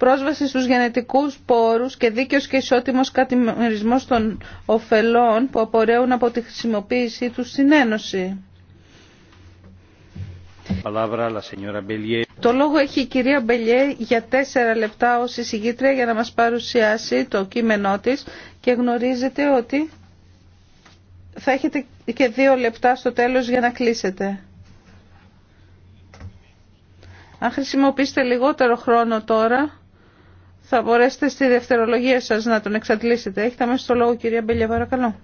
πρόσβαση στους γενετικούς πόρους και δίκαιος και ισότιμος κατημερισμός των ωφελών που απορρέουν από τη χρησιμοποίησή τους στην Ένωση. Το λόγο έχει η κυρία Μπελιέ για τέσσερα λεπτά ως εισηγήτρια για να μας παρουσιάσει το κείμενό της και γνωρίζετε ότι θα έχετε και δύο λεπτά στο τέλος για να κλείσετε. Αν χρησιμοποιήσετε λιγότερο χρόνο τώρα, θα μπορέσετε στη δευτερολογία σας να τον εξαντλήσετε. Έχετε αμέσως το λόγο κυρία Μπελιά, παρακαλώ.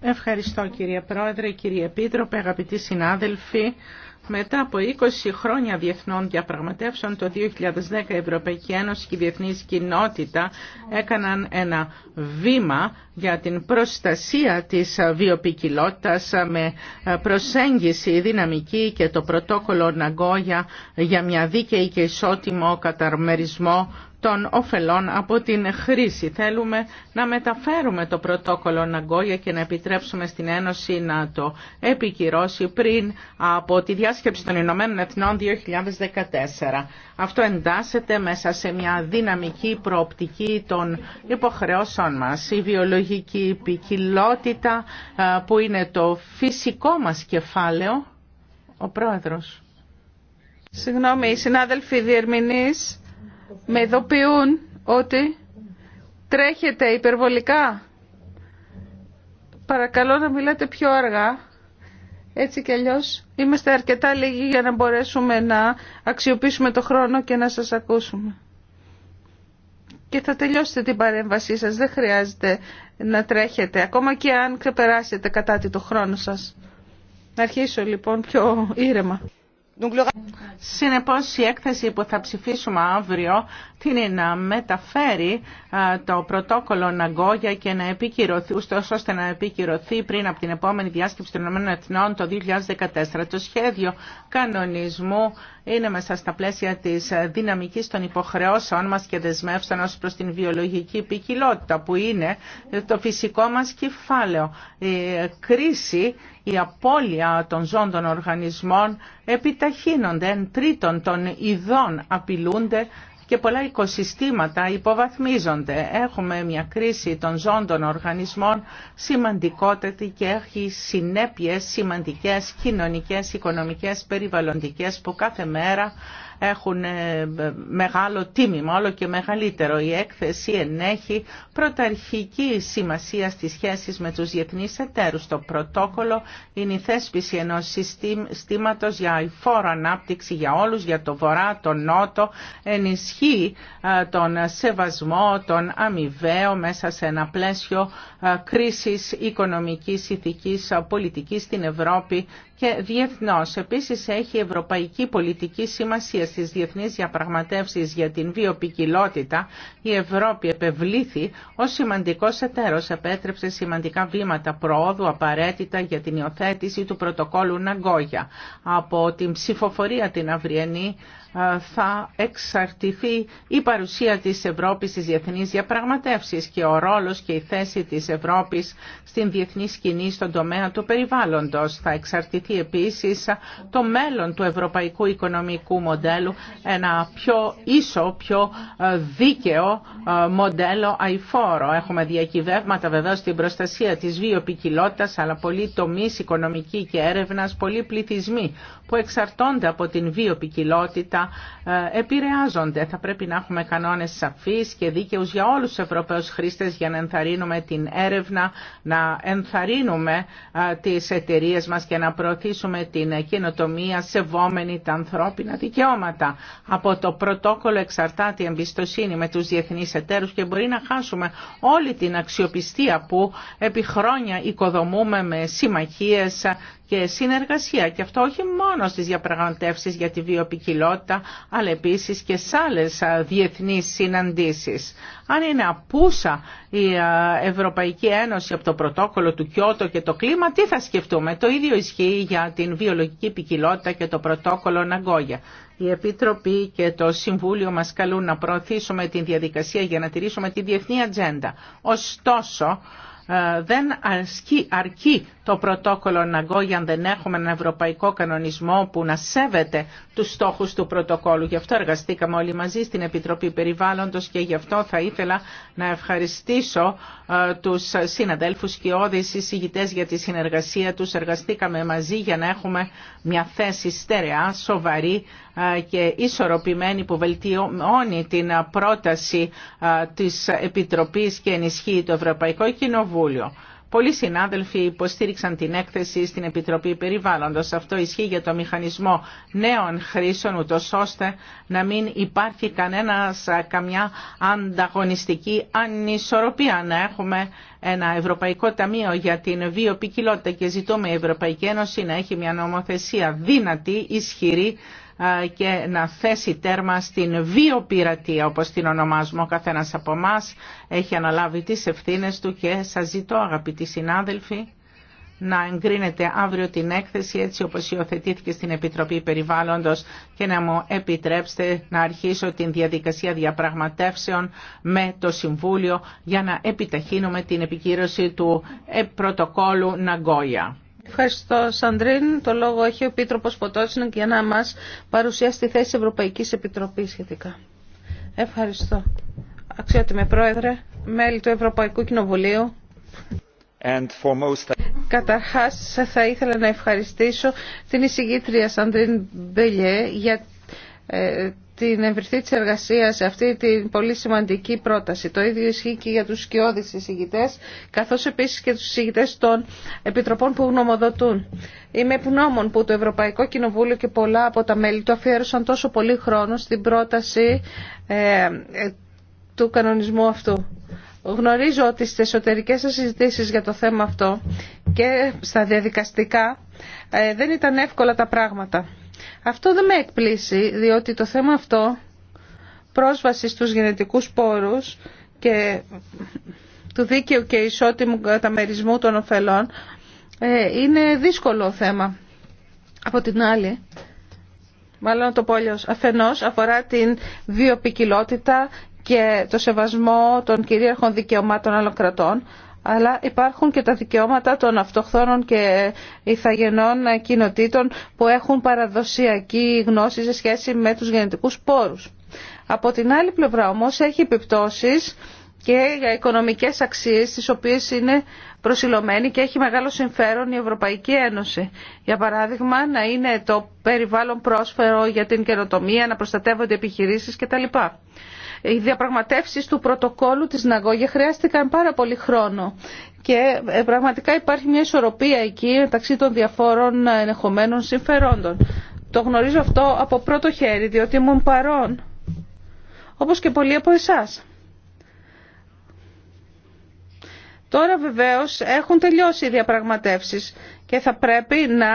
Ευχαριστώ κυρία Πρόεδρε, κύριε Επίτροπε, αγαπητοί συνάδελφοι. Μετά από 20 χρόνια διεθνών διαπραγματεύσεων, το 2010 η Ευρωπαϊκή Ένωση και η Διεθνή κοινότητα έκαναν ένα βήμα για την προστασία της βιοπικιλότητας με προσέγγιση δυναμική και το πρωτόκολλο Ναγκόγια για μια δίκαιη και ισότιμο καταρμερισμό των ωφελών από την χρήση. Θέλουμε να μεταφέρουμε το πρωτόκολλο Ναγκόγια και να επιτρέψουμε στην Ένωση να το επικυρώσει πριν από τη διάσκεψη των Ηνωμένων Εθνών 2014. Αυτό εντάσσεται μέσα σε μια δυναμική προοπτική των υποχρεώσεων μας. Η βιολογική ποικιλότητα που είναι το φυσικό μας κεφάλαιο. Ο Πρόεδρος. Συγγνώμη, οι συνάδελφοι διερμηνείς με ειδοποιούν ότι τρέχετε υπερβολικά. Παρακαλώ να μιλάτε πιο αργά. Έτσι κι αλλιώς είμαστε αρκετά λίγοι για να μπορέσουμε να αξιοποιήσουμε το χρόνο και να σας ακούσουμε. Και θα τελειώσετε την παρέμβασή σας. Δεν χρειάζεται να τρέχετε. Ακόμα και αν ξεπεράσετε κατά τη το χρόνο σας. Να αρχίσω λοιπόν πιο ήρεμα. Συνεπώ, η έκθεση που θα ψηφίσουμε αύριο είναι να μεταφέρει το πρωτόκολλο Ναγκόγια και να επικυρωθεί, ώστε να επικυρωθεί πριν από την επόμενη διάσκεψη των ΗΠΑ το 2014. Το σχέδιο κανονισμού είναι μέσα στα πλαίσια τη δυναμική των υποχρεώσεων μα και δεσμεύσεων ω προ την βιολογική ποικιλότητα που είναι το φυσικό μα κεφάλαιο. Η κρίση, η απώλεια των ζώντων οργανισμών επιτρέπει εν τρίτον των ειδών απειλούνται και πολλά οικοσυστήματα υποβαθμίζονται. Έχουμε μια κρίση των ζών των οργανισμών σημαντικότητα και έχει συνέπειες σημαντικές κοινωνικές, οικονομικές, περιβαλλοντικές που κάθε μέρα έχουν ε, μεγάλο τίμημα, όλο και μεγαλύτερο. Η έκθεση ενέχει πρωταρχική σημασία στις σχέσεις με τους διεθνείς εταίρους. Το πρωτόκολλο είναι η θέσπιση ενός συστήματος για υφόρο ανάπτυξη για όλους, για το βορρά, τον νότο, ενισχύει ε, τον σεβασμό, τον αμοιβαίο μέσα σε ένα πλαίσιο ε, κρίσης οικονομικής, ηθικής, πολιτικής στην Ευρώπη και διεθνώς. Επίσης έχει ευρωπαϊκή πολιτική σημασία στις διεθνείς διαπραγματεύσεις για την βιοπικιλότητα. Η Ευρώπη επευλήθη ως σημαντικός εταίρος, επέτρεψε σημαντικά βήματα προόδου απαραίτητα για την υιοθέτηση του πρωτοκόλου Ναγκόγια. Από την ψηφοφορία την αυριανή ε, θα εξαρτηθεί η παρουσία της Ευρώπης στις διεθνείς διαπραγματεύσεις και ο ρόλος και η θέση της Ευρώπης στην διεθνή σκηνή στον τομέα του περιβάλλοντος. Θα εξαρτηθεί επίση επίσης το μέλλον του ευρωπαϊκού οικονομικού μοντέλου, ένα πιο ίσο, πιο ε, δίκαιο ε, μοντέλο αηφόρο. Έχουμε διακυβεύματα βεβαίως στην προστασία της βιοπικιλότητας, αλλά πολλοί τομείς οικονομική και έρευνας, πολλοί πληθυσμοί που εξαρτώνται από την βιοπικιλότητα ε, επηρεάζονται. Θα πρέπει να έχουμε κανόνες σαφείς και δίκαιους για όλους τους Ευρωπαίους χρήστες για να ενθαρρύνουμε την έρευνα, να ενθαρρύνουμε τις εταιρείε μας και να προ προωθήσουμε την καινοτομία σεβόμενη τα ανθρώπινα δικαιώματα. Από το πρωτόκολλο εξαρτάται η εμπιστοσύνη με τους διεθνείς εταίρους και μπορεί να χάσουμε όλη την αξιοπιστία που επί χρόνια οικοδομούμε με συμμαχίες και συνεργασία. Και αυτό όχι μόνο στις διαπραγματεύσεις για τη βιοπικιλότητα, αλλά επίσης και σε άλλες διεθνείς συναντήσεις. Αν είναι απούσα η Ευρωπαϊκή Ένωση από το πρωτόκολλο του Κιώτο και το κλίμα, τι θα σκεφτούμε. Το ίδιο ισχύει για την βιολογική ποικιλότητα και το πρωτόκολλο Ναγκόγια. Η Επιτροπή και το Συμβούλιο μας καλούν να προωθήσουμε την διαδικασία για να τηρήσουμε τη διεθνή ατζέντα. Ωστόσο, δεν αρκεί το πρωτόκολλο Ναγκόγια αν δεν έχουμε έναν ευρωπαϊκό κανονισμό που να σέβεται τους στόχους του πρωτοκόλλου. Γι' αυτό εργαστήκαμε όλοι μαζί στην Επιτροπή Περιβάλλοντος και γι' αυτό θα ήθελα να ευχαριστήσω ε, τους συναδέλφους και όδης εισηγητές για τη συνεργασία τους. Εργαστήκαμε μαζί για να έχουμε μια θέση στερεά, σοβαρή ε, και ισορροπημένη που βελτιώνει την πρόταση ε, της Επιτροπής και ενισχύει το Ευρωπαϊκό Κοινοβούλιο. Πολλοί συνάδελφοι υποστήριξαν την έκθεση στην Επιτροπή Περιβάλλοντος. Αυτό ισχύει για το μηχανισμό νέων χρήσεων, ούτω ώστε να μην υπάρχει κανένας, καμιά ανταγωνιστική ανισορροπία. Να έχουμε ένα Ευρωπαϊκό Ταμείο για την βιοπικιλότητα και ζητούμε η Ευρωπαϊκή Ένωση να έχει μια νομοθεσία δυνατή, ισχυρή, και να θέσει τέρμα στην βιοπειρατεία όπως την ονομάζουμε. Ο καθένας από εμά έχει αναλάβει τις ευθύνες του και σας ζητώ αγαπητοί συνάδελφοι να εγκρίνετε αύριο την έκθεση έτσι όπως υιοθετήθηκε στην Επιτροπή Περιβάλλοντος και να μου επιτρέψετε να αρχίσω την διαδικασία διαπραγματεύσεων με το Συμβούλιο για να επιταχύνουμε την επικύρωση του ε, πρωτοκόλου Ναγκόια. Ευχαριστώ, Σαντρίν. Το λόγο έχει ο Επίτροπο Ποτότσινο για να μα παρουσιάσει τη θέση Ευρωπαϊκή Επιτροπή σχετικά. Ευχαριστώ. Αξιότιμε Πρόεδρε, μέλη του Ευρωπαϊκού Κοινοβουλίου. Καταρχάς θα ήθελα να ευχαριστήσω την εισηγήτρια Σαντρίν Μπελιέ για ε, την ευρυθή τη εργασία σε αυτή την πολύ σημαντική πρόταση. Το ίδιο ισχύει και για τους σκιώδεις εισηγητές, καθώς επίσης και τους εισηγητές των επιτροπών που γνωμοδοτούν. Είμαι ευγνώμων που το Ευρωπαϊκό Κοινοβούλιο και πολλά από τα μέλη του αφιέρωσαν τόσο πολύ χρόνο στην πρόταση ε, του κανονισμού αυτού. Γνωρίζω ότι στι εσωτερικές σας συζητήσεις για το θέμα αυτό και στα διαδικαστικά ε, δεν ήταν εύκολα τα πράγματα. Αυτό δεν με εκπλήσει, διότι το θέμα αυτό πρόσβαση στους γενετικούς πόρους και του δίκαιου και ισότιμου καταμερισμού των ωφελών ε, είναι δύσκολο θέμα. Από την άλλη, μάλλον το πόλιο αφενός αφορά την βιοπικιλότητα και το σεβασμό των κυρίαρχων δικαιωμάτων άλλων κρατών, αλλά υπάρχουν και τα δικαιώματα των αυτοχθόνων και ηθαγενών κοινοτήτων που έχουν παραδοσιακή γνώση σε σχέση με τους γενετικούς πόρους. Από την άλλη πλευρά όμως έχει επιπτώσεις και για οικονομικές αξίες τις οποίες είναι προσιλωμένοι και έχει μεγάλο συμφέρον η Ευρωπαϊκή Ένωση. Για παράδειγμα να είναι το περιβάλλον πρόσφερο για την καινοτομία, να προστατεύονται επιχειρήσεις κτλ. Οι διαπραγματεύσεις του πρωτοκόλου της Ναγόγια χρειάστηκαν πάρα πολύ χρόνο και ε, πραγματικά υπάρχει μια ισορροπία εκεί μεταξύ των διαφόρων ε, ενεχομένων συμφερόντων. Το γνωρίζω αυτό από πρώτο χέρι, διότι ήμουν παρόν, όπως και πολλοί από εσάς. Τώρα βεβαίως έχουν τελειώσει οι διαπραγματεύσεις και θα πρέπει να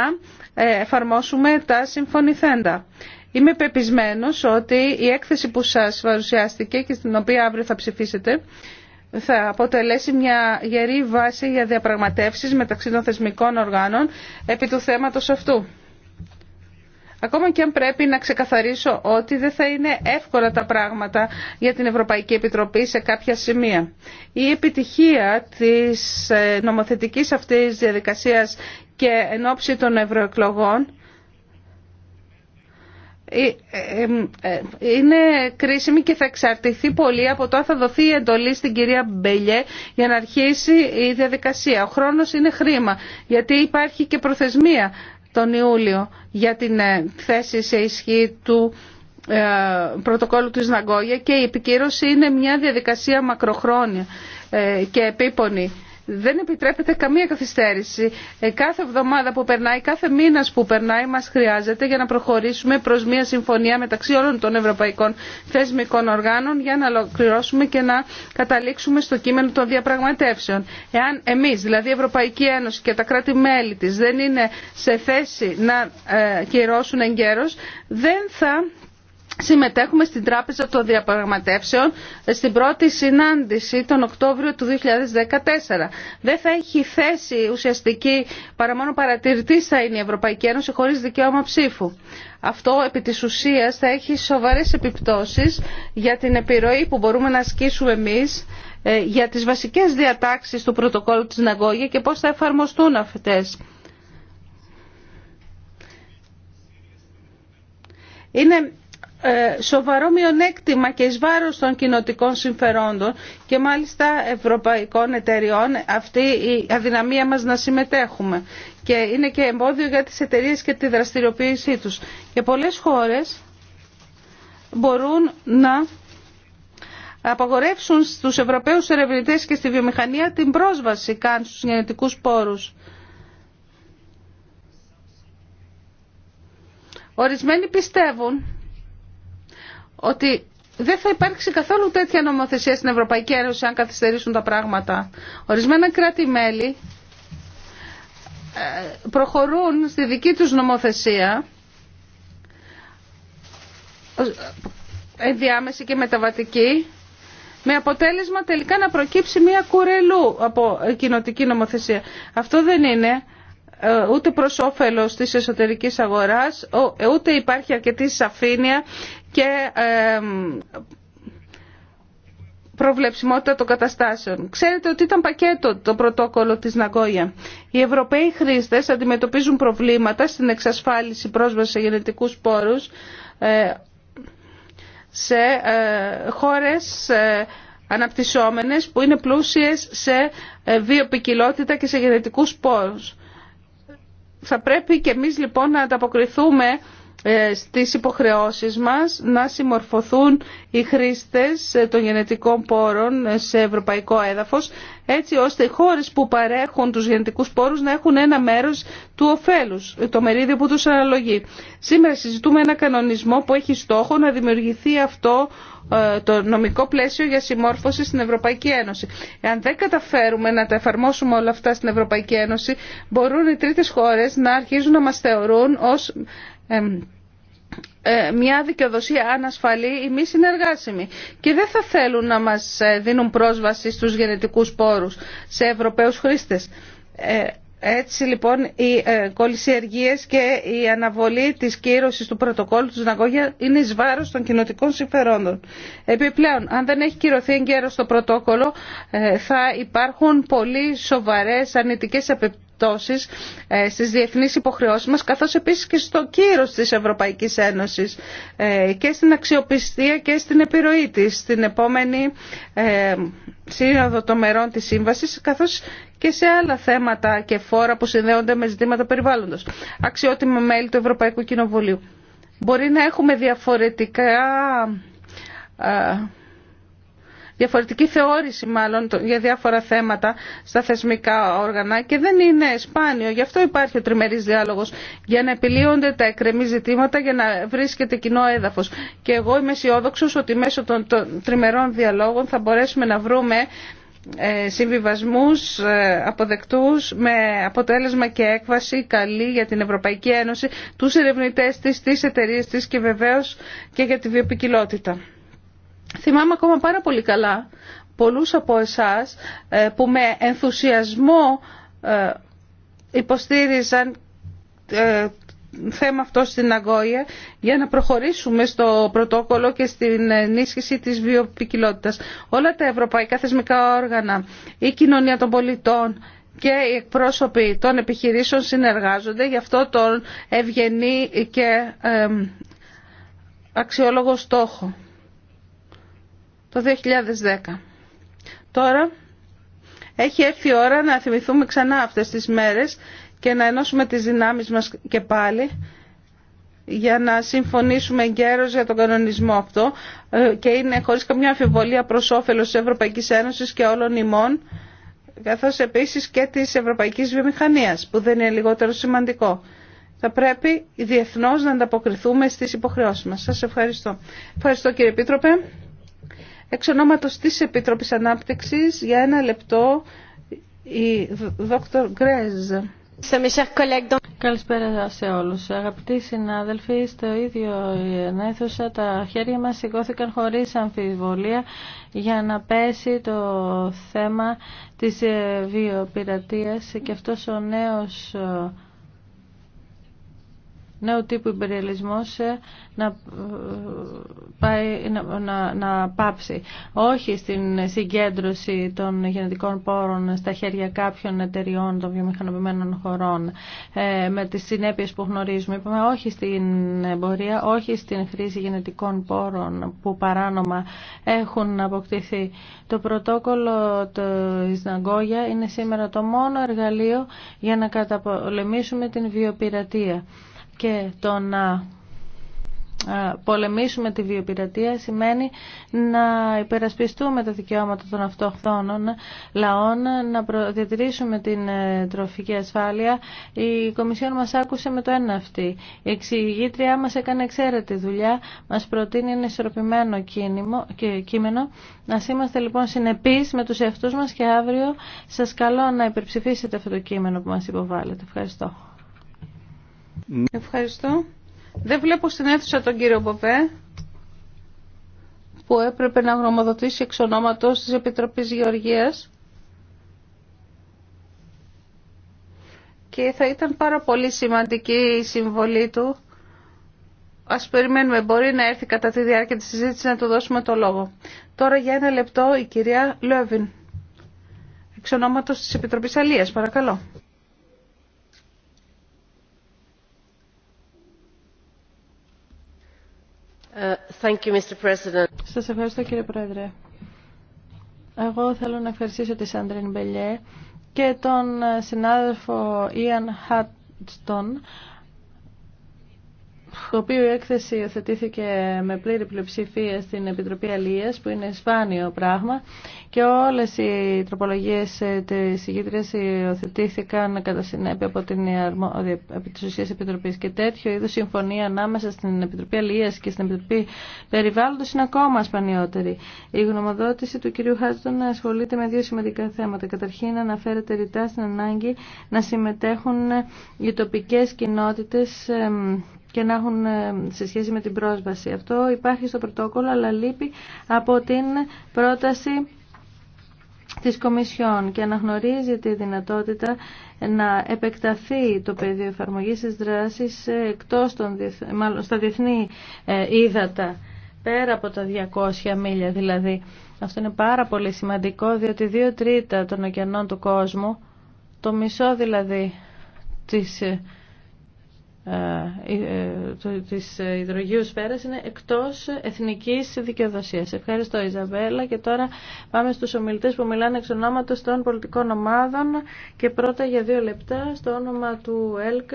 ε, εφαρμόσουμε τα συμφωνηθέντα. Είμαι πεπισμένος ότι η έκθεση που σας παρουσιάστηκε και στην οποία αύριο θα ψηφίσετε θα αποτελέσει μια γερή βάση για διαπραγματεύσεις μεταξύ των θεσμικών οργάνων επί του θέματος αυτού. Ακόμα και αν πρέπει να ξεκαθαρίσω ότι δεν θα είναι εύκολα τα πράγματα για την Ευρωπαϊκή Επιτροπή σε κάποια σημεία. Η επιτυχία της ε, νομοθετικής αυτής διαδικασίας και εν ώψη των ευρωεκλογών ε, ε, ε, είναι κρίσιμη και θα εξαρτηθεί πολύ από το αν θα δοθεί η εντολή στην κυρία Μπελιέ για να αρχίσει η διαδικασία. Ο χρόνος είναι χρήμα γιατί υπάρχει και προθεσμία τον Ιούλιο για την θέση σε ισχύ του πρωτοκόλλου της Ναγκόγια και η επικύρωση είναι μια διαδικασία μακροχρόνια και επίπονη δεν επιτρέπεται καμία καθυστέρηση. Ε, κάθε εβδομάδα που περνάει, κάθε μήνα που περνάει μα χρειάζεται για να προχωρήσουμε προ μια συμφωνία μεταξύ όλων των ευρωπαϊκών θεσμικών οργάνων για να ολοκληρώσουμε και να καταλήξουμε στο κείμενο των διαπραγματεύσεων. Εάν εμεί, δηλαδή η Ευρωπαϊκή Ένωση και τα κράτη-μέλη τη δεν είναι σε θέση να ε, κυρώσουν εγκαίρω, δεν θα συμμετέχουμε στην Τράπεζα των Διαπραγματεύσεων στην πρώτη συνάντηση τον Οκτώβριο του 2014. Δεν θα έχει θέση ουσιαστική παρά μόνο παρατηρητή θα είναι η Ευρωπαϊκή Ένωση χωρί δικαίωμα ψήφου. Αυτό επί της ουσίας θα έχει σοβαρές επιπτώσεις για την επιρροή που μπορούμε να ασκήσουμε εμείς ε, για τις βασικές διατάξεις του πρωτοκόλλου της Ναγκόγια και πώς θα εφαρμοστούν αυτές. Είναι ε, σοβαρό μειονέκτημα και εις βάρος των κοινοτικών συμφερόντων και μάλιστα ευρωπαϊκών εταιριών αυτή η αδυναμία μας να συμμετέχουμε και είναι και εμπόδιο για τις εταιρείε και τη δραστηριοποίησή τους και πολλές χώρες μπορούν να απαγορεύσουν στους Ευρωπαίους ερευνητές και στη βιομηχανία την πρόσβαση καν στους γενετικούς πόρους. Ορισμένοι πιστεύουν ότι δεν θα υπάρξει καθόλου τέτοια νομοθεσία στην Ευρωπαϊκή Ένωση αν καθυστερήσουν τα πράγματα. Ορισμένα κράτη-μέλη ε, προχωρούν στη δική τους νομοθεσία ενδιάμεση και μεταβατική με αποτέλεσμα τελικά να προκύψει μια κουρελού από κοινοτική νομοθεσία. Αυτό δεν είναι ε, ούτε προς όφελος της εσωτερικής αγοράς, ε, ούτε υπάρχει αρκετή σαφήνεια και ε, προβλεψιμότητα των καταστάσεων. Ξέρετε ότι ήταν πακέτο το πρωτόκολλο της Ναγκόγια. Οι Ευρωπαίοι χρήστες αντιμετωπίζουν προβλήματα στην εξασφάλιση πρόσβασης σε γενετικούς πόρους σε χώρες αναπτυσσόμενες που είναι πλούσιες σε βιοπικιλότητα και σε γενετικούς πόρους. Θα πρέπει και εμείς λοιπόν να ανταποκριθούμε ε, στις υποχρεώσεις μας να συμμορφωθούν οι χρήστες των γενετικών πόρων σε ευρωπαϊκό έδαφος έτσι ώστε οι χώρες που παρέχουν τους γενετικούς πόρους να έχουν ένα μέρος του ωφέλους, το μερίδιο που τους αναλογεί. Σήμερα συζητούμε ένα κανονισμό που έχει στόχο να δημιουργηθεί αυτό ε, το νομικό πλαίσιο για συμμόρφωση στην Ευρωπαϊκή Ένωση. Εάν δεν καταφέρουμε να τα εφαρμόσουμε όλα αυτά στην Ευρωπαϊκή Ένωση, μπορούν οι τρίτες χώρες να αρχίζουν να μας θεωρούν ως ε, μια δικαιοδοσία ανασφαλή ή μη συνεργάσιμη και δεν θα θέλουν να μας ε, δίνουν πρόσβαση στους γενετικούς πόρους σε Ευρωπαίους χρήστες. Ε, έτσι λοιπόν οι κολλησιεργίες και η αναβολή της κύρωσης του πρωτοκόλλου του Ναγκόγια είναι εις βάρος των κοινοτικών συμφερόντων. Επιπλέον, αν δεν έχει κυρωθεί εγκαίρως το πρωτόκολλο θα υπάρχουν πολύ σοβαρές αρνητικές Στι ε, στις διεθνείς υποχρεώσεις μας καθώς επίσης και στο κύρος της Ευρωπαϊκής Ένωσης ε, και στην αξιοπιστία και στην επιρροή της στην επόμενη ε, σύνοδο των μερών της σύμβασης καθώς και σε άλλα θέματα και φόρα που συνδέονται με ζητήματα περιβάλλοντος. Αξιότιμο μέλη του Ευρωπαϊκού Κοινοβουλίου. Μπορεί να έχουμε διαφορετικά διαφορετική θεώρηση μάλλον για διάφορα θέματα στα θεσμικά όργανα και δεν είναι σπάνιο. Γι' αυτό υπάρχει ο τριμερής διάλογος για να επιλύονται τα εκκρεμή ζητήματα για να βρίσκεται κοινό έδαφος. Και εγώ είμαι αισιόδοξο ότι μέσω των, των τριμερών διαλόγων θα μπορέσουμε να βρούμε ε, συμβιβασμούς ε, αποδεκτούς με αποτέλεσμα και έκβαση καλή για την Ευρωπαϊκή Ένωση, τους ερευνητές της, τις εταιρείες της και βεβαίως και για τη βιοπικιλότητα. Θυμάμαι ακόμα πάρα πολύ καλά πολλούς από εσάς ε, που με ενθουσιασμό ε, υποστήριζαν ε, θέμα αυτό στην Αγγόια για να προχωρήσουμε στο πρωτόκολλο και στην ενίσχυση της βιοπικιλότητας. Όλα τα ευρωπαϊκά θεσμικά όργανα, η κοινωνία των πολιτών και οι εκπρόσωποι των επιχειρήσεων συνεργάζονται για αυτό τον ευγενή και αξιόλογο στόχο το 2010. Τώρα έχει έρθει η ώρα να θυμηθούμε ξανά αυτές τις μέρες και να ενώσουμε τις δυνάμεις μας και πάλι για να συμφωνήσουμε εγκαίρως για τον κανονισμό αυτό ε, και είναι χωρίς καμιά αφιβολία προς όφελος της Ευρωπαϊκής Ένωσης και όλων ημών καθώς επίσης και της Ευρωπαϊκής Βιομηχανίας που δεν είναι λιγότερο σημαντικό. Θα πρέπει διεθνώς να ανταποκριθούμε στις υποχρεώσεις μας. Σας ευχαριστώ. Ευχαριστώ κύριε Επίτροπε. Εξ ονόματος της Επιτροπής Ανάπτυξης, για ένα λεπτό, η Δόκτωρ Γκρέζ. Καλησπέρα σε όλους. Αγαπητοί συνάδελφοι, στο ίδιο ενέθουσα τα χέρια μας σηκώθηκαν χωρίς αμφιβολία για να πέσει το θέμα της ε, βιοπειρατείας και αυτός ο νέος ε, νέου τύπου υπεριαλισμός ε, ε, να, να, να, πάψει. Όχι στην συγκέντρωση των γενετικών πόρων στα χέρια κάποιων εταιριών των βιομηχανοποιημένων χωρών ε, με τις συνέπειες που γνωρίζουμε. Είπαμε όχι στην εμπορία, όχι στην χρήση γενετικών πόρων που παράνομα έχουν αποκτηθεί. Το πρωτόκολλο της Ναγκόγια είναι σήμερα το μόνο εργαλείο για να καταπολεμήσουμε την βιοπειρατεία. Και το να ε, πολεμήσουμε τη βιοπειρατεία σημαίνει να υπερασπιστούμε τα δικαιώματα των αυτοχθόνων λαών, να διατηρήσουμε την ε, τροφική ασφάλεια. Η Κομισιόν μας άκουσε με το ένα αυτή. Η εξηγήτριά μας έκανε εξαίρετη δουλειά, μας προτείνει ένα ισορροπημένο κείμενο. Να είμαστε λοιπόν συνεπείς με τους εαυτούς μας και αύριο σας καλώ να υπερψηφίσετε αυτό το κείμενο που μας υποβάλλετε. Ευχαριστώ. Ευχαριστώ. Δεν βλέπω στην αίθουσα τον κύριο Μποβέ που έπρεπε να γνωμοδοτήσει εξ ονόματος της Επιτροπής Γεωργίας και θα ήταν πάρα πολύ σημαντική η συμβολή του. Ας περιμένουμε, μπορεί να έρθει κατά τη διάρκεια της συζήτησης να του δώσουμε το λόγο. Τώρα για ένα λεπτό η κυρία Λέβιν, εξ ονόματος της Επιτροπής Αλίας, παρακαλώ. Σα Σας ευχαριστώ κύριε Πρόεδρε. Εγώ θέλω να ευχαριστήσω τη Σάντριν Μπελιέ και τον συνάδελφο Ιαν Χάτστον το οποίο η έκθεση υιοθετήθηκε με πλήρη πλειοψηφία στην Επιτροπή Αλίας, που είναι σπάνιο πράγμα, και όλες οι τροπολογίες ε, της ηγήτριας υιοθετήθηκαν κατά συνέπεια από την Ουσίας Επιτροπής. Και τέτοιο είδου συμφωνία ανάμεσα στην Επιτροπή Αλίας και στην Επιτροπή Περιβάλλοντος είναι ακόμα σπανιότερη. Η γνωμοδότηση του κυρίου Χάζτον ασχολείται με δύο σημαντικά θέματα. Καταρχήν αναφέρεται ρητά στην ανάγκη να συμμετέχουν οι τοπικές κοινότητες και να έχουν ε, σε σχέση με την πρόσβαση. Αυτό υπάρχει στο πρωτόκολλο αλλά λείπει από την πρόταση της Κομισιόν και αναγνωρίζει τη δυνατότητα να επεκταθεί το πεδίο εφαρμογής της δράσης ε, εκτός των, στα διεθνή ε, ύδατα, πέρα από τα 200 μίλια δηλαδή. Αυτό είναι πάρα πολύ σημαντικό διότι δύο τρίτα των ωκεανών του κόσμου, το μισό δηλαδή της ε, ε, της υδρογείου σφαίρας είναι εκτός εθνικής δικαιοδοσίας. Ευχαριστώ Ιζαβέλα και τώρα πάμε στους ομιλητές που μιλάνε εξ ονόματος των πολιτικών ομάδων και πρώτα για δύο λεπτά στο όνομα του ΕΛΚ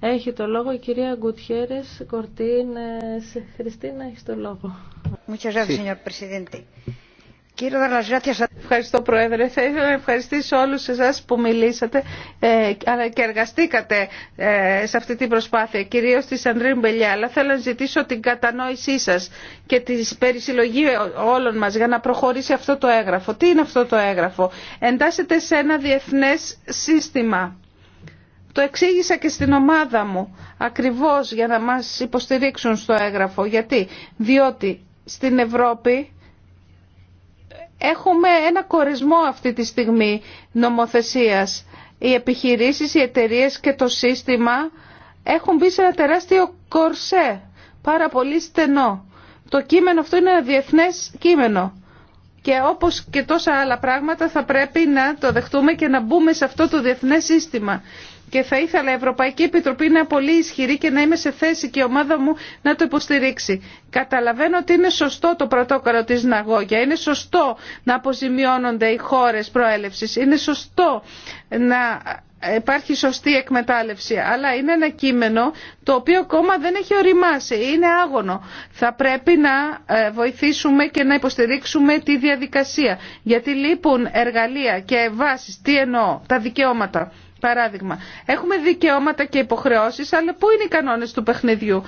έχει το λόγο η κυρία Γκουτιέρες Κορτίνες. Χριστίνα έχει το λόγο. Ευχαριστώ Πρόεδρε. Θα ήθελα να ευχαριστήσω όλους εσάς που μιλήσατε ε, και εργαστήκατε ε, σε αυτή την προσπάθεια, κυρίως τη Σαντρίν Μπελιά. Αλλά θέλω να ζητήσω την κατανόησή σας και τη περισυλλογή όλων μας για να προχωρήσει αυτό το έγγραφο. Τι είναι αυτό το έγγραφο. Εντάσσεται σε ένα διεθνές σύστημα. Το εξήγησα και στην ομάδα μου ακριβώς για να μας υποστηρίξουν στο έγγραφο. Γιατί. Διότι στην Ευρώπη Έχουμε ένα κορισμό αυτή τη στιγμή νομοθεσίας. Οι επιχειρήσεις, οι εταιρείες και το σύστημα έχουν μπει σε ένα τεράστιο κορσέ, πάρα πολύ στενό. Το κείμενο αυτό είναι ένα διεθνές κείμενο. Και όπως και τόσα άλλα πράγματα θα πρέπει να το δεχτούμε και να μπούμε σε αυτό το διεθνές σύστημα. Και θα ήθελα η Ευρωπαϊκή Επιτροπή να είναι πολύ ισχυρή και να είμαι σε θέση και η ομάδα μου να το υποστηρίξει. Καταλαβαίνω ότι είναι σωστό το πρωτόκολλο της Ναγόγια. Είναι σωστό να αποζημιώνονται οι χώρες προέλευσης. Είναι σωστό να υπάρχει σωστή εκμετάλλευση. Αλλά είναι ένα κείμενο το οποίο ακόμα δεν έχει οριμάσει. Είναι άγωνο. Θα πρέπει να ε, βοηθήσουμε και να υποστηρίξουμε τη διαδικασία. Γιατί λείπουν εργαλεία και βάσεις. Τι εννοώ. Τα δικαιώματα. Παράδειγμα, έχουμε δικαιώματα και υποχρεώσεις, αλλά πού είναι οι κανόνες του παιχνιδιού.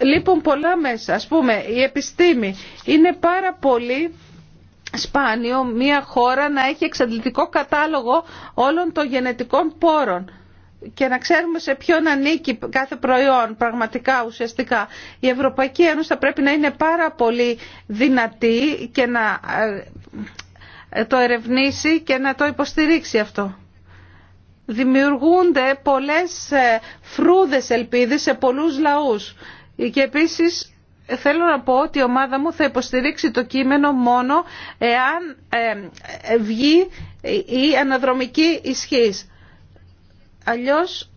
Λείπουν πολλά μέσα. Ας πούμε, η επιστήμη είναι πάρα πολύ σπάνιο μια χώρα να έχει εξαντλητικό κατάλογο όλων των γενετικών πόρων και να ξέρουμε σε ποιον ανήκει κάθε προϊόν πραγματικά ουσιαστικά. Η Ευρωπαϊκή Ένωση θα πρέπει να είναι πάρα πολύ δυνατή και να ε, ε, το ερευνήσει και να το υποστηρίξει αυτό δημιουργούνται πολλές ε, φρούδες ελπίδες σε πολλούς λαούς. Και επίσης θέλω να πω ότι η ομάδα μου θα υποστηρίξει το κείμενο μόνο εάν ε, ε, βγει η αναδρομική ισχύς. Αλλιώς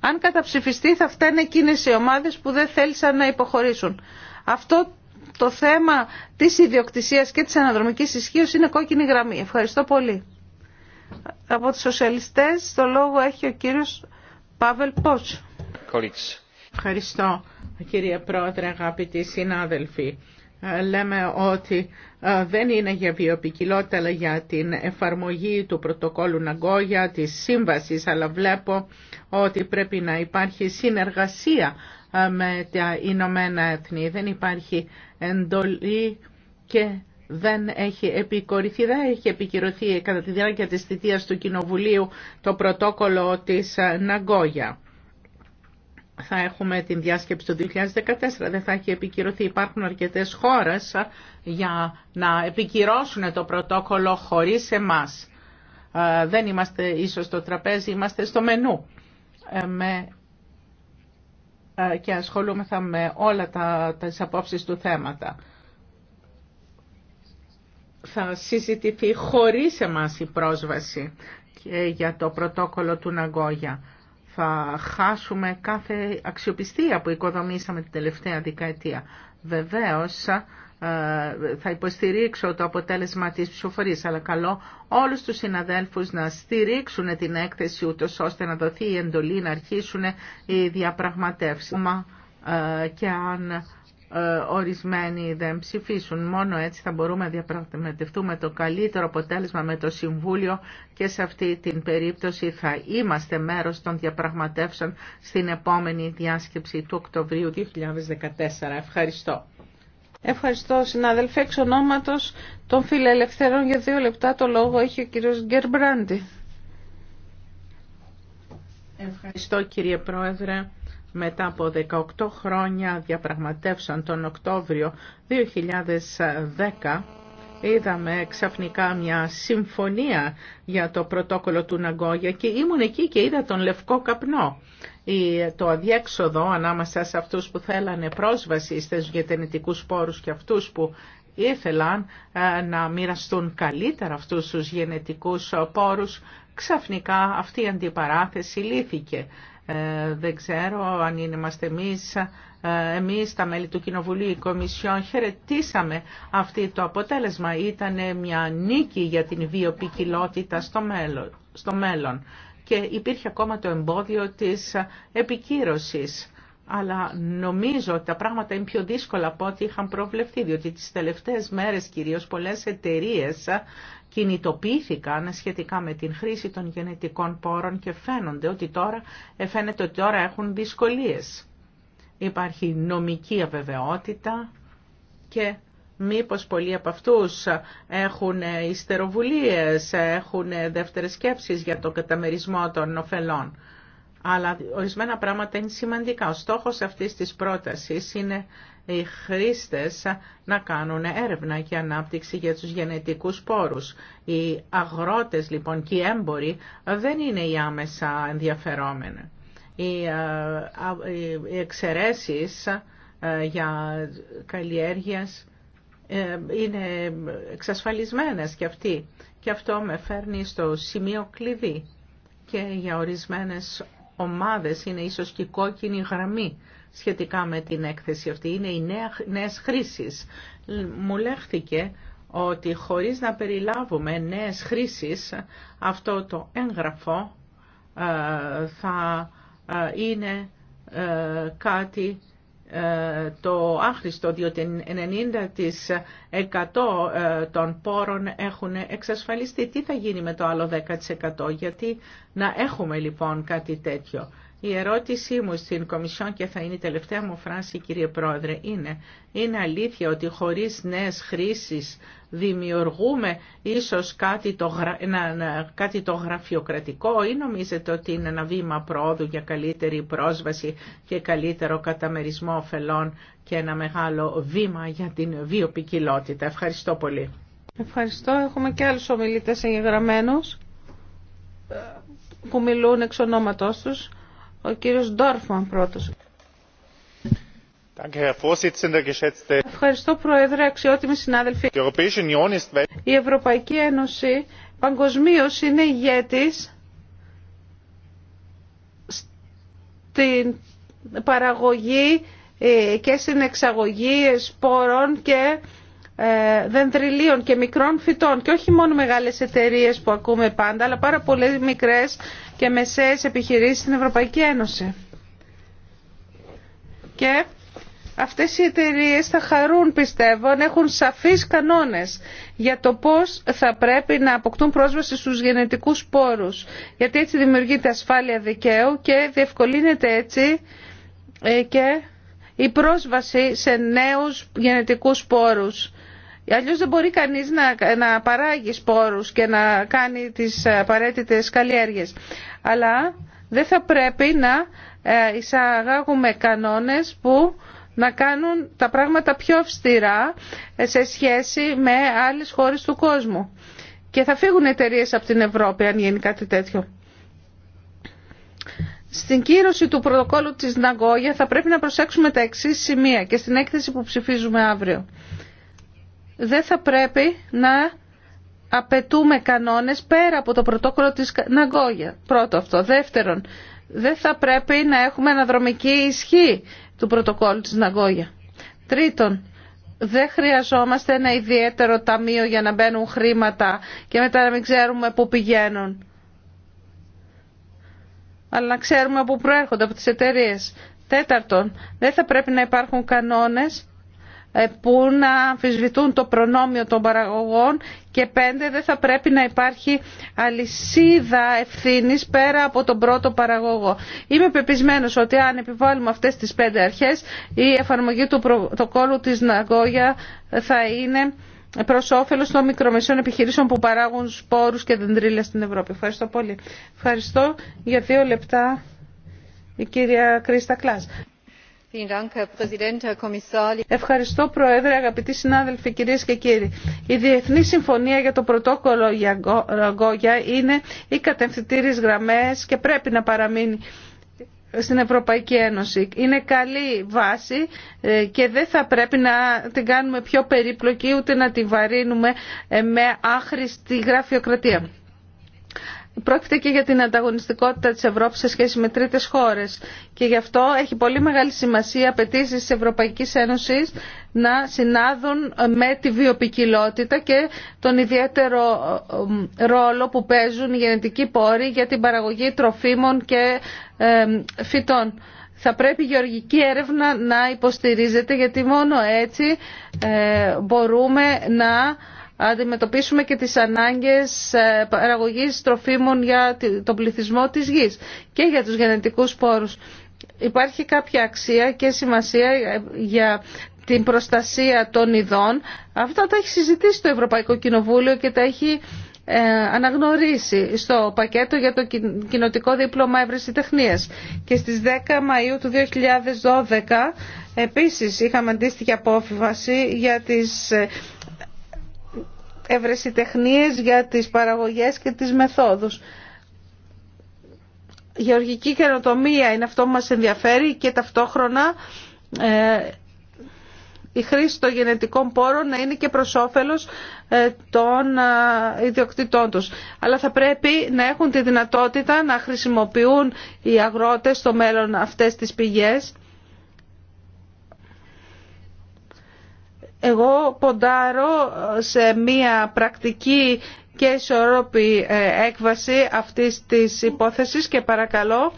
αν καταψηφιστεί θα φταίνε εκείνες οι ομάδες που δεν θέλησαν να υποχωρήσουν. Αυτό το θέμα της ιδιοκτησίας και της αναδρομικής ισχύω είναι κόκκινη γραμμή. Ευχαριστώ πολύ. Από τους σοσιαλιστές το λόγο έχει ο κύριος Παύλ Πότς. Ευχαριστώ κύριε Πρόεδρε, αγαπητοί συνάδελφοι. Ε, λέμε ότι ε, δεν είναι για βιοπικιλότητα αλλά για την εφαρμογή του πρωτοκόλου Ναγκόγια, της σύμβαση. αλλά βλέπω ότι πρέπει να υπάρχει συνεργασία ε, με τα Ηνωμένα Έθνη. Δεν υπάρχει εντολή και δεν έχει επικορηθεί, δεν έχει επικυρωθεί κατά τη διάρκεια της θητείας του Κοινοβουλίου το πρωτόκολλο της ε, Ναγκόγια. Θα έχουμε την διάσκεψη του 2014, δεν θα έχει επικυρωθεί. Υπάρχουν αρκετές χώρες ε, για να επικυρώσουν το πρωτόκολλο χωρίς εμάς. Ε, δεν είμαστε ίσως στο τραπέζι, είμαστε στο μενού. Με και ασχολούμεθα με όλα τα, τις του θέματα θα συζητηθεί χωρίς εμάς η πρόσβαση για το πρωτόκολλο του Ναγκόγια. Θα χάσουμε κάθε αξιοπιστία που οικοδομήσαμε την τελευταία δεκαετία. Βεβαίως ε, θα υποστηρίξω το αποτέλεσμα της ψηφοφορίας, αλλά καλώ όλους τους συναδέλφους να στηρίξουν την έκθεση ούτως ώστε να δοθεί η εντολή να αρχίσουν οι διαπραγματεύσεις. Ε, και αν ε, ορισμένοι δεν ψηφίσουν. Μόνο έτσι θα μπορούμε να διαπραγματευτούμε το καλύτερο αποτέλεσμα με το Συμβούλιο και σε αυτή την περίπτωση θα είμαστε μέρος των διαπραγματεύσεων στην επόμενη διάσκεψη του Οκτωβρίου 2014. Ευχαριστώ. Ευχαριστώ συνάδελφε. Εξ ονόματος των φιλελευθέρων για δύο λεπτά το λόγο έχει ο κύριος Γκερμπράντι. Ευχαριστώ κύριε Πρόεδρε μετά από 18 χρόνια διαπραγματεύσαν τον Οκτώβριο 2010 είδαμε ξαφνικά μια συμφωνία για το πρωτόκολλο του Ναγκόγια και ήμουν εκεί και είδα τον λευκό καπνό. Το αδιέξοδο ανάμεσα σε αυτούς που θέλανε πρόσβαση στις γενετικούς πόρους και αυτούς που ήθελαν ε, να μοιραστούν καλύτερα αυτούς τους γενετικούς πόρους, ξαφνικά αυτή η αντιπαράθεση λύθηκε. Ε, δεν ξέρω αν είμαστε εμείς, ε, εμείς τα μέλη του Κοινοβουλίου, η Κομισιόν, χαιρετήσαμε αυτή το αποτέλεσμα. Ήταν μια νίκη για την βιοπικιλότητα στο μέλλον, στο μέλλον. Και υπήρχε ακόμα το εμπόδιο της επικύρωσης αλλά νομίζω ότι τα πράγματα είναι πιο δύσκολα από ό,τι είχαν προβλεφθεί, διότι τις τελευταίες μέρες κυρίως πολλές εταιρείες ε, κινητοποιήθηκαν σχετικά με την χρήση των γενετικών πόρων και φαίνονται ότι τώρα, ε, φαίνεται ότι τώρα έχουν δυσκολίες. Υπάρχει νομική αβεβαιότητα και μήπως πολλοί από αυτούς έχουν ε, ιστεροβουλίες, έχουν δεύτερες σκέψεις για το καταμερισμό των ωφελών αλλά ορισμένα πράγματα είναι σημαντικά. Ο στόχος αυτής της πρότασης είναι οι χρήστες να κάνουν έρευνα και ανάπτυξη για τους γενετικούς πόρους. Οι αγρότες λοιπόν και οι έμποροι δεν είναι οι άμεσα ενδιαφερόμενοι. Οι ε, εξαιρέσεις ε, για καλλιέργειας ε, είναι εξασφαλισμένες και αυτοί. Και αυτό με φέρνει στο σημείο κλειδί και για ορισμένες ομάδες είναι ίσως και η κόκκινη γραμμή σχετικά με την έκθεση αυτή. Είναι οι νέες χρήσεις. Μου λέχθηκε ότι χωρίς να περιλάβουμε νέες χρήσεις αυτό το έγγραφο ε, θα ε, είναι ε, κάτι ε, το άχρηστο, διότι 90% ε, των πόρων έχουν εξασφαλιστεί. Τι θα γίνει με το άλλο 10%, γιατί να έχουμε λοιπόν κάτι τέτοιο. Η ερώτησή μου στην Κομισιόν και θα είναι η τελευταία μου φράση κύριε Πρόεδρε είναι είναι αλήθεια ότι χωρίς νέες χρήσεις δημιουργούμε ίσως κάτι το, κάτι το γραφειοκρατικό ή νομίζετε ότι είναι ένα βήμα πρόοδου για καλύτερη πρόσβαση και καλύτερο καταμερισμό ωφελών και ένα μεγάλο βήμα για την βιοπικιλότητα. Ευχαριστώ πολύ. Ευχαριστώ. Έχουμε και άλλους ομιλητές εγγεγραμμένους ε, που μιλούν εξ ονόματός τους. Ο Ντόρφμαν Ευχαριστώ Πρόεδρε, αξιότιμοι συνάδελφοι. Η Ευρωπαϊκή Ένωση παγκοσμίω είναι ηγέτης στην παραγωγή ε, και στην εξαγωγή σπόρων και ε, δεντριλίων και μικρών φυτών και όχι μόνο μεγάλες εταιρείες που ακούμε πάντα αλλά πάρα πολλές μικρές και μεσαίες επιχειρήσεις στην Ευρωπαϊκή Ένωση. Και αυτές οι εταιρείες θα χαρούν πιστεύω να έχουν σαφείς κανόνες για το πώς θα πρέπει να αποκτούν πρόσβαση στους γενετικούς πόρους γιατί έτσι δημιουργείται ασφάλεια δικαίου και διευκολύνεται έτσι ε, και η πρόσβαση σε νέους γενετικούς πόρους Αλλιώς δεν μπορεί κανείς να, παράγει σπόρους και να κάνει τις απαραίτητες καλλιέργειες. Αλλά δεν θα πρέπει να ε, εισαγάγουμε κανόνες που να κάνουν τα πράγματα πιο αυστηρά ε, σε σχέση με άλλες χώρες του κόσμου. Και θα φύγουν εταιρείε από την Ευρώπη αν γίνει κάτι τέτοιο. Στην κύρωση του πρωτοκόλλου της Ναγκόγια θα πρέπει να προσέξουμε τα εξής σημεία και στην έκθεση που ψηφίζουμε αύριο δεν θα πρέπει να απαιτούμε κανόνες πέρα από το πρωτόκολλο της Ναγκόγια. Πρώτο αυτό. Δεύτερον, δεν θα πρέπει να έχουμε αναδρομική ισχύ του πρωτοκόλλου της Ναγκόγια. Τρίτον, δεν χρειαζόμαστε ένα ιδιαίτερο ταμείο για να μπαίνουν χρήματα και μετά να μην ξέρουμε πού πηγαίνουν. Αλλά να ξέρουμε πού προέρχονται από τις εταιρείε. Τέταρτον, δεν θα πρέπει να υπάρχουν κανόνες ε, που να αμφισβητούν το προνόμιο των παραγωγών και πέντε δεν θα πρέπει να υπάρχει αλυσίδα ευθύνης πέρα από τον πρώτο παραγωγό. Είμαι πεπισμένος ότι αν επιβάλλουμε αυτές τις πέντε αρχές η εφαρμογή του πρωτοκόλου της Ναγκόγια θα είναι προ όφελο των μικρομεσαίων επιχειρήσεων που παράγουν σπόρους και δεντρίλια στην Ευρώπη. Ευχαριστώ πολύ. Ευχαριστώ για δύο λεπτά η κυρία Κρίστα Κλάς. Ευχαριστώ Πρόεδρε, αγαπητοί συνάδελφοι, κυρίες και κύριοι. Η Διεθνή Συμφωνία για το Πρωτόκολλο για αγκόγια είναι οι κατευθυντήριες γραμμές και πρέπει να παραμείνει στην Ευρωπαϊκή Ένωση. Είναι καλή βάση ε, και δεν θα πρέπει να την κάνουμε πιο περίπλοκη ούτε να την βαρύνουμε ε, με άχρηστη γραφειοκρατία. Πρόκειται και για την ανταγωνιστικότητα της Ευρώπης σε σχέση με τρίτες χώρες και γι' αυτό έχει πολύ μεγάλη σημασία απαιτήσει της Ευρωπαϊκής Ένωσης να συνάδουν με τη βιοπικιλότητα και τον ιδιαίτερο ρόλο που παίζουν οι γενετικοί πόροι για την παραγωγή τροφίμων και φυτών. Θα πρέπει η γεωργική έρευνα να υποστηρίζεται γιατί μόνο έτσι ε, μπορούμε να αντιμετωπίσουμε και τις ανάγκες ε, παραγωγής τροφίμων για τον πληθυσμό της γης και για τους γενετικούς πόρους. Υπάρχει κάποια αξία και σημασία ε, για την προστασία των ειδών. Αυτά τα έχει συζητήσει το Ευρωπαϊκό Κοινοβούλιο και τα έχει ε, αναγνωρίσει στο πακέτο για το κοινοτικό δίπλωμα τεχνίας Και στις 10 Μαΐου του 2012 επίσης είχαμε αντίστοιχη απόφαση για τις ευρεσιτεχνίες για τις παραγωγές και τις μεθόδους. Γεωργική καινοτομία είναι αυτό που μας ενδιαφέρει και ταυτόχρονα ε, η χρήση των γενετικών πόρων να είναι και προς όφελος ε, των ε, ιδιοκτητών τους. Αλλά θα πρέπει να έχουν τη δυνατότητα να χρησιμοποιούν οι αγρότες στο μέλλον αυτές τις πηγές Εγώ ποντάρω ε, σε μία πρακτική και ισορρόπη ε, έκβαση αυτής της υπόθεσης και παρακαλώ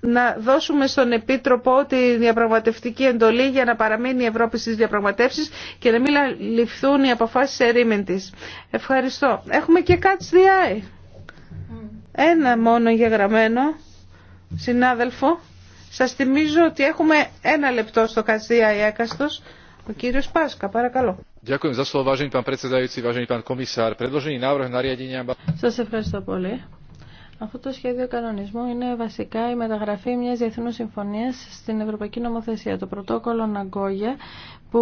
να δώσουμε στον Επίτροπο τη διαπραγματευτική εντολή για να παραμείνει η Ευρώπη στις διαπραγματεύσεις και να μην ληφθούν οι αποφάσεις ερήμην της. Ευχαριστώ. Έχουμε και κάτι Ένα μόνο γεγραμμένο συνάδελφο. Σας θυμίζω ότι έχουμε ένα λεπτό στο Κατσδία έκαστος ο κύριος Πάσκα, παρακαλώ. Σας ευχαριστώ πολύ. Αυτό το σχέδιο κανονισμού είναι βασικά η μεταγραφή μιας διεθνούς συμφωνίας στην Ευρωπαϊκή Νομοθεσία, το πρωτόκολλο Ναγκόγια, που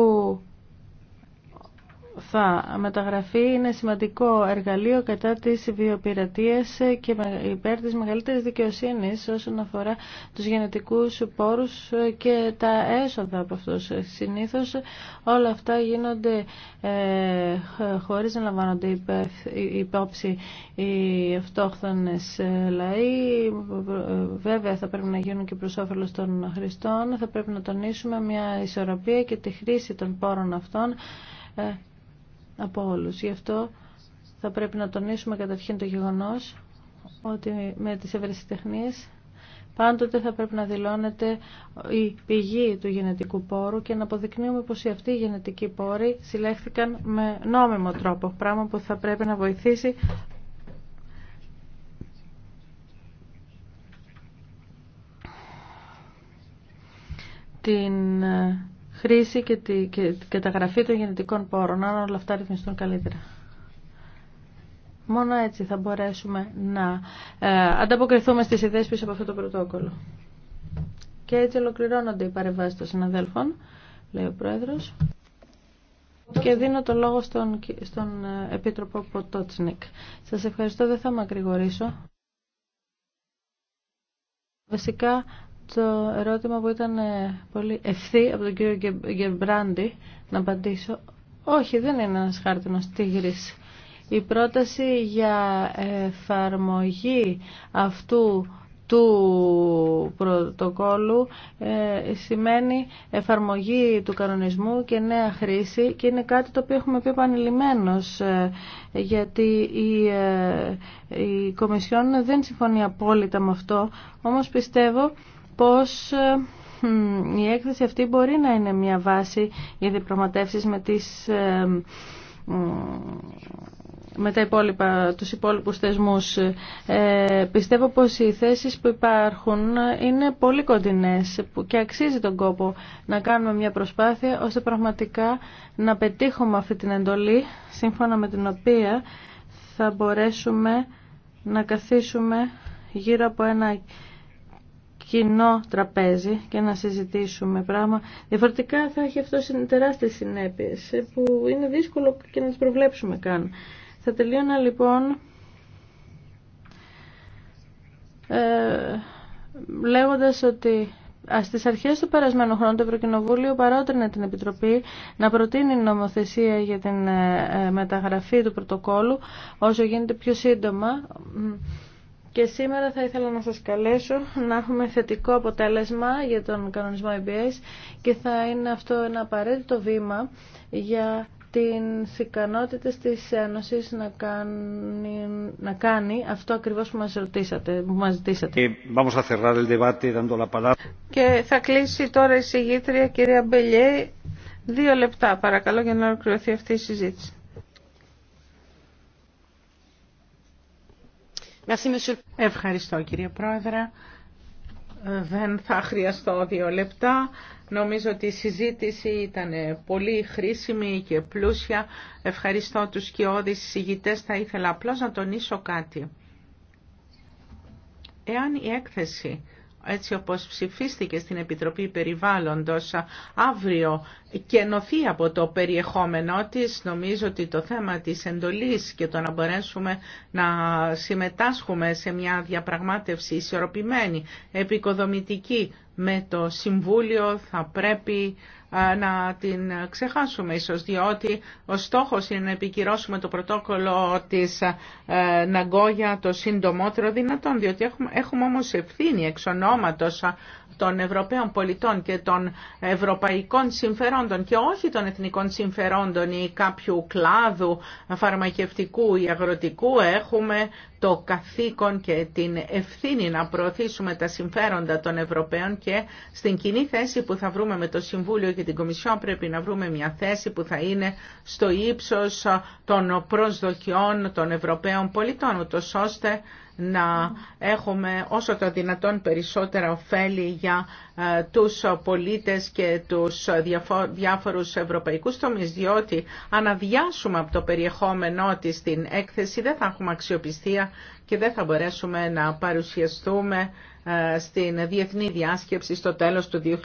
θα μεταγραφεί είναι σημαντικό εργαλείο κατά της βιοπειρατείας και υπέρ της μεγαλύτερης δικαιοσύνης όσον αφορά τους γενετικούς πόρους και τα έσοδα από αυτούς. Συνήθως όλα αυτά γίνονται ε, χωρίς να λαμβάνονται υπόψη οι αυτόχθονες λαοί. Βέβαια θα πρέπει να γίνουν και προς όφελος των χρηστών. Θα πρέπει να τονίσουμε μια ισορροπία και τη χρήση των πόρων αυτών ε, από όλους. Γι' αυτό θα πρέπει να τονίσουμε καταρχήν το γεγονός ότι με τις ευρεσιτεχνίες πάντοτε θα πρέπει να δηλώνεται η πηγή του γενετικού πόρου και να αποδεικνύουμε πως οι αυτοί οι γενετικοί πόροι συλλέχθηκαν με νόμιμο τρόπο, πράγμα που θα πρέπει να βοηθήσει την χρήση και, τη, και, καταγραφή των γενετικών πόρων, αν όλα αυτά ρυθμιστούν καλύτερα. Μόνο έτσι θα μπορέσουμε να ε, ανταποκριθούμε στις ιδέες πίσω από αυτό το πρωτόκολλο. Και έτσι ολοκληρώνονται οι παρεμβάσεις των συναδέλφων, λέει ο Πρόεδρος. Και δίνω το λόγο στον, στον ε, Επίτροπο Ποτότσνικ. Σας ευχαριστώ, δεν θα ακρηγορήσω. Βασικά το ερώτημα που ήταν ε, πολύ ευθύ από τον κύριο Γεμπράντη να απαντήσω. Όχι, δεν είναι ένας χάρτινος τίγρης. Η πρόταση για εφαρμογή αυτού του πρωτοκόλου ε, σημαίνει εφαρμογή του κανονισμού και νέα χρήση και είναι κάτι το οποίο έχουμε πει επανειλημμένως ε, γιατί η, η Κομισιόν δεν συμφωνεί απόλυτα με αυτό όμως πιστεύω πως ε, η έκθεση αυτή μπορεί να είναι μια βάση για διπλωματεύσεις με τις ε, με τα υπόλοιπα, τους υπόλοιπους θεσμούς. Ε, πιστεύω πως οι θέσεις που υπάρχουν είναι πολύ κοντινές και αξίζει τον κόπο να κάνουμε μια προσπάθεια ώστε πραγματικά να πετύχουμε αυτή την εντολή σύμφωνα με την οποία θα μπορέσουμε να καθίσουμε γύρω από ένα κοινό τραπέζι και να συζητήσουμε πράγμα. Διαφορετικά θα έχει αυτό τεράστιε συνέπειε ε, που είναι δύσκολο και να τι προβλέψουμε καν. Θα τελείωνα λοιπόν ε, λέγοντας ότι Στι αρχέ του περασμένου χρόνου το Ευρωκοινοβούλιο παρότρινε την Επιτροπή να προτείνει νομοθεσία για την ε, ε, μεταγραφή του πρωτοκόλου όσο γίνεται πιο σύντομα και σήμερα θα ήθελα να σας καλέσω να έχουμε θετικό αποτέλεσμα για τον κανονισμό EBS και θα είναι αυτό ένα απαραίτητο βήμα για την ικανότητες της Ένωσης να κάνει, αυτό ακριβώς που μας, ρωτήσατε, που μας ζητήσατε. Ε, και θα κλείσει τώρα η συγγήτρια κυρία Μπελιέ. Δύο λεπτά παρακαλώ για να ολοκληρωθεί αυτή η συζήτηση. Ευχαριστώ κύριε Πρόεδρε. Ε, δεν θα χρειαστώ δύο λεπτά. Νομίζω ότι η συζήτηση ήταν πολύ χρήσιμη και πλούσια. Ευχαριστώ τους κοιόδης συγητές. Θα ήθελα απλώς να τονίσω κάτι. Εάν η έκθεση έτσι όπως ψηφίστηκε στην Επιτροπή Περιβάλλοντος αύριο και ενωθεί από το περιεχόμενό της, νομίζω ότι το θέμα της εντολής και το να μπορέσουμε να συμμετάσχουμε σε μια διαπραγμάτευση ισορροπημένη, επικοδομητική με το Συμβούλιο θα πρέπει να την ξεχάσουμε ίσως, διότι ο στόχος είναι να επικυρώσουμε το πρωτόκολλο της ε, Ναγκόγια το σύντομότερο δυνατόν, διότι έχουμε, έχουμε όμως ευθύνη εξ ονόματος ε, των Ευρωπαίων πολιτών και των ευρωπαϊκών συμφερόντων και όχι των εθνικών συμφερόντων ή κάποιου κλάδου φαρμακευτικού ή αγροτικού έχουμε το καθήκον και την ευθύνη να προωθήσουμε τα συμφέροντα των Ευρωπαίων και στην κοινή θέση που θα βρούμε με το Συμβούλιο και την Κομισιόν πρέπει να βρούμε μια θέση που θα είναι στο ύψος των προσδοκιών των Ευρωπαίων πολιτών, ούτως ώστε να έχουμε όσο το δυνατόν περισσότερα ωφέλη για ε, τους πολίτες και τους διάφορους ευρωπαϊκούς τομείς, διότι αδειάσουμε από το περιεχόμενό της την έκθεση δεν θα έχουμε αξιοπιστία και δεν θα μπορέσουμε να παρουσιαστούμε ε, στην διεθνή διάσκεψη στο τέλος του 2014.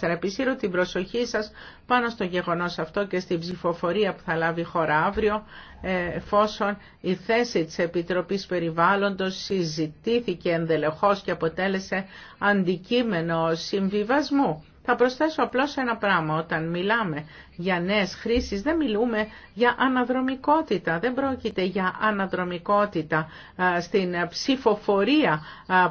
Επισύρω την προσοχή σας πάνω στο γεγονός αυτό και στην ψηφοφορία που θα λάβει η χώρα αύριο, ε, εφόσον η θέση της Επιτροπής Περιβάλλοντος συζητήθηκε ενδελεχώς και αποτέλεσε αντικείμενο συμβιβασμού. Θα προσθέσω απλώς ένα πράγμα. Όταν μιλάμε για νέες χρήσεις, δεν μιλούμε για αναδρομικότητα, δεν πρόκειται για αναδρομικότητα στην ψηφοφορία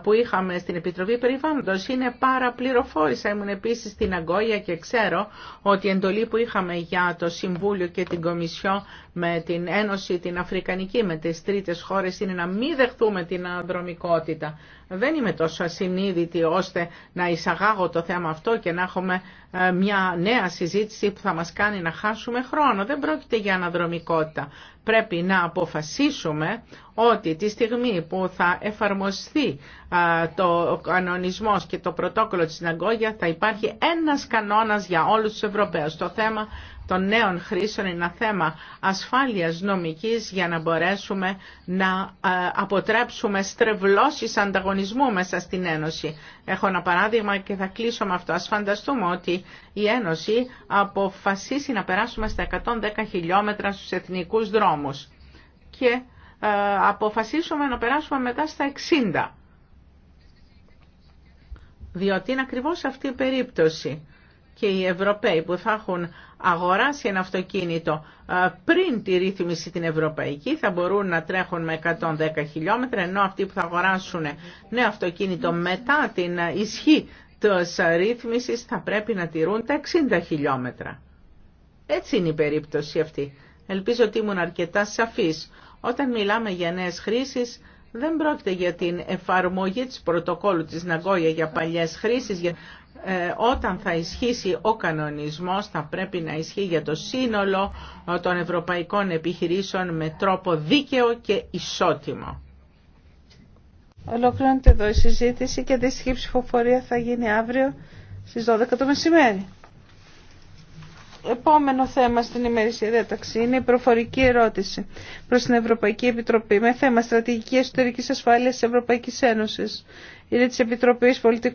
που είχαμε στην Επιτροπή Περιβάλλοντος. Είναι πληροφόρησα. ήμουν επίσης στην Αγκόγια και ξέρω ότι η εντολή που είχαμε για το Συμβούλιο και την Κομισιό με την Ένωση, την Αφρικανική, με τις τρίτες χώρες είναι να μην δεχτούμε την αναδρομικότητα. Δεν είμαι τόσο ασυνείδητη ώστε να εισαγάγω το θέμα αυτό και να έχουμε ε, μια νέα συζήτηση που θα μας κάνει να χάσουμε χρόνο. Δεν πρόκειται για αναδρομικότητα. Πρέπει να αποφασίσουμε ότι τη στιγμή που θα εφαρμοστεί το κανονισμός και το πρωτόκολλο της Ναγκόγια θα υπάρχει ένας κανόνας για όλους τους Ευρωπαίους. Το θέμα των νέων χρήσεων είναι ένα θέμα ασφάλειας νομικής για να μπορέσουμε να ε, αποτρέψουμε στρεβλώσεις ανταγωνισμού μέσα στην Ένωση. Έχω ένα παράδειγμα και θα κλείσω με αυτό. Ας φανταστούμε ότι η Ένωση αποφασίσει να περάσουμε στα 110 χιλιόμετρα στους εθνικούς δρόμους και ε, αποφασίσουμε να περάσουμε μετά στα 60 διότι είναι ακριβώς αυτή η περίπτωση και οι Ευρωπαίοι που θα έχουν αγοράσει ένα αυτοκίνητο ε, πριν τη ρύθμιση την ευρωπαϊκή θα μπορούν να τρέχουν με 110 χιλιόμετρα ενώ αυτοί που θα αγοράσουν νέο αυτοκίνητο μετά την ισχύ της ρύθμισης θα πρέπει να τηρούν τα 60 χιλιόμετρα. Έτσι είναι η περίπτωση αυτή. Ελπίζω ότι ήμουν αρκετά σαφής. Όταν μιλάμε για νέες χρήσεις, δεν πρόκειται για την εφαρμογή της πρωτοκόλλου της Ναγκόγια για παλιές χρήσεις, ε, όταν θα ισχύσει ο κανονισμός θα πρέπει να ισχύει για το σύνολο ε, των ευρωπαϊκών επιχειρήσεων με τρόπο δίκαιο και ισότιμο. Ολοκληρώνεται εδώ η συζήτηση και αντίστοιχη ψηφοφορία θα γίνει αύριο στις 12 το μεσημέρι. Επόμενο θέμα στην ημερήσια διάταξη είναι η προφορική ερώτηση προς την Ευρωπαϊκή Επιτροπή με θέμα στρατηγική εσωτερική ασφάλεια της Ευρωπαϊκής Ένωσης. Είναι της Επιτροπής Πολιτικών